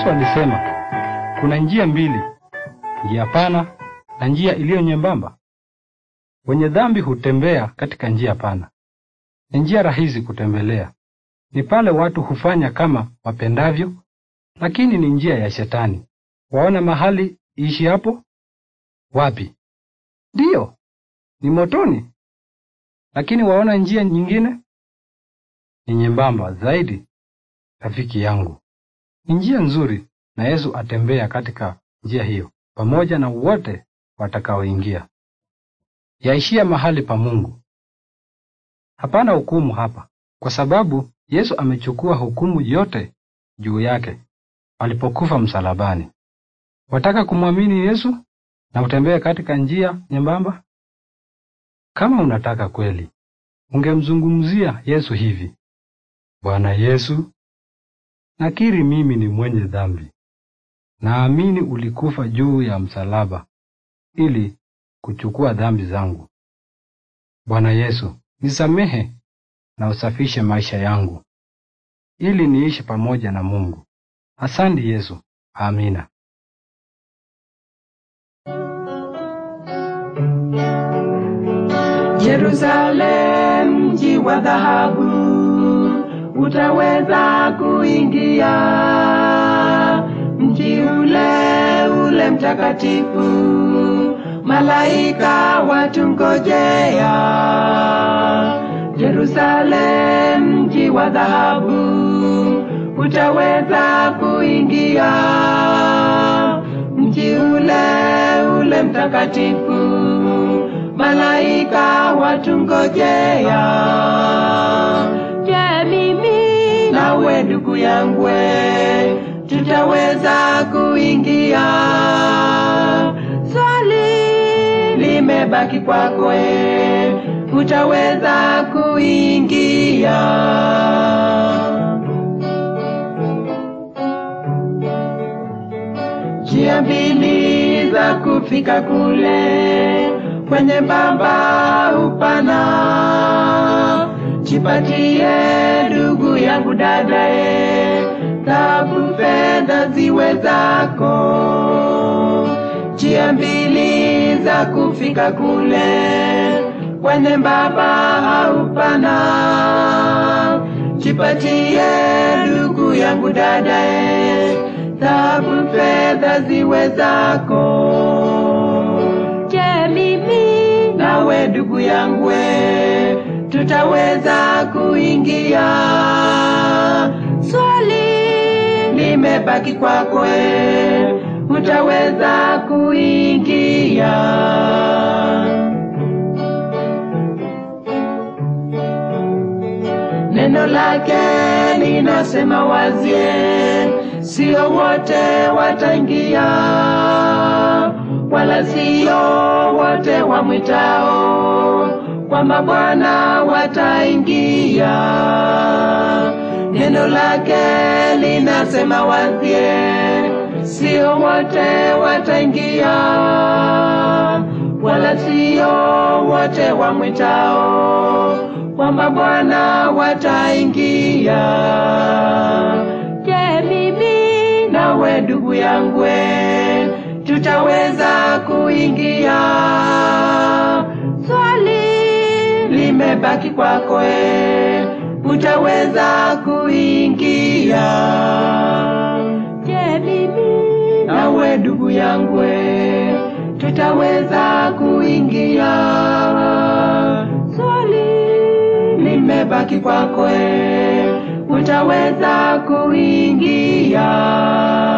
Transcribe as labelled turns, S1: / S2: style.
S1: Yesu alisema kuna njia mbili, njia pana na njia iliyo nyembamba. Wenye dhambi hutembea katika njia pana. Ni njia rahisi kutembelea, ni pale watu hufanya kama wapendavyo, lakini ni njia ya Shetani. Waona mahali ishi hapo? Wapi? Ndiyo, ni motoni. Lakini waona njia nyingine ni nyembamba zaidi, rafiki yangu ni njia nzuri, na Yesu atembea katika njia hiyo pamoja na wote watakaoingia. Yaishia mahali pa Mungu. Hapana hukumu hapa, kwa sababu Yesu amechukua hukumu yote juu yake alipokufa msalabani. Wataka kumwamini Yesu na utembee katika njia nyembamba? Kama unataka kweli, ungemzungumzia Yesu hivi: Bwana Yesu, Nakiri mimi ni mwenye dhambi. Naamini ulikufa juu ya msalaba ili kuchukua dhambi zangu. Bwana Yesu, nisamehe na usafishe maisha yangu ili niishi pamoja na Mungu. Asante Yesu. Amina.
S2: Yerusalemu, mji wa dhahabu utaweza kuingia mji ule ule mtakatifu malaika watungojea jerusalem mji wa dhahabu utaweza kuingia mji ule ule mtakatifu malaika watungojea yangwe tutaweza kuingia. Swali limebaki kwako, utaweza kuingia. Njia mbili za kufika kule kwenye Baba upana Jipatie ndugu yangu dadae, dhahabu fedha ziwe zako, njia mbili za kufika kule, kwende baba au pana. Jipatie ndugu yangu dadae, dhahabu fedha ziwe zako. Je, mimi nawe ndugu yangu we tutaweza kuingia. Swali limebaki kwako, utaweza kuingia. Neno lake linasema wazi, sio wote wataingia, wala sio wote wamwitao kwamba Bwana wataingia. Neno lake linasema watie, sio wote wataingia, wala sio wote wamwitao, kwamba Bwana wataingia. Je, mimi nawe ndugu yangwe tutaweza kuingia? imebaki kwako e, utaweza kuingia. Je, mimi nawe ndugu yangu e, tutaweza kuingia? Swali, nimebaki kwako e, utaweza kuingia?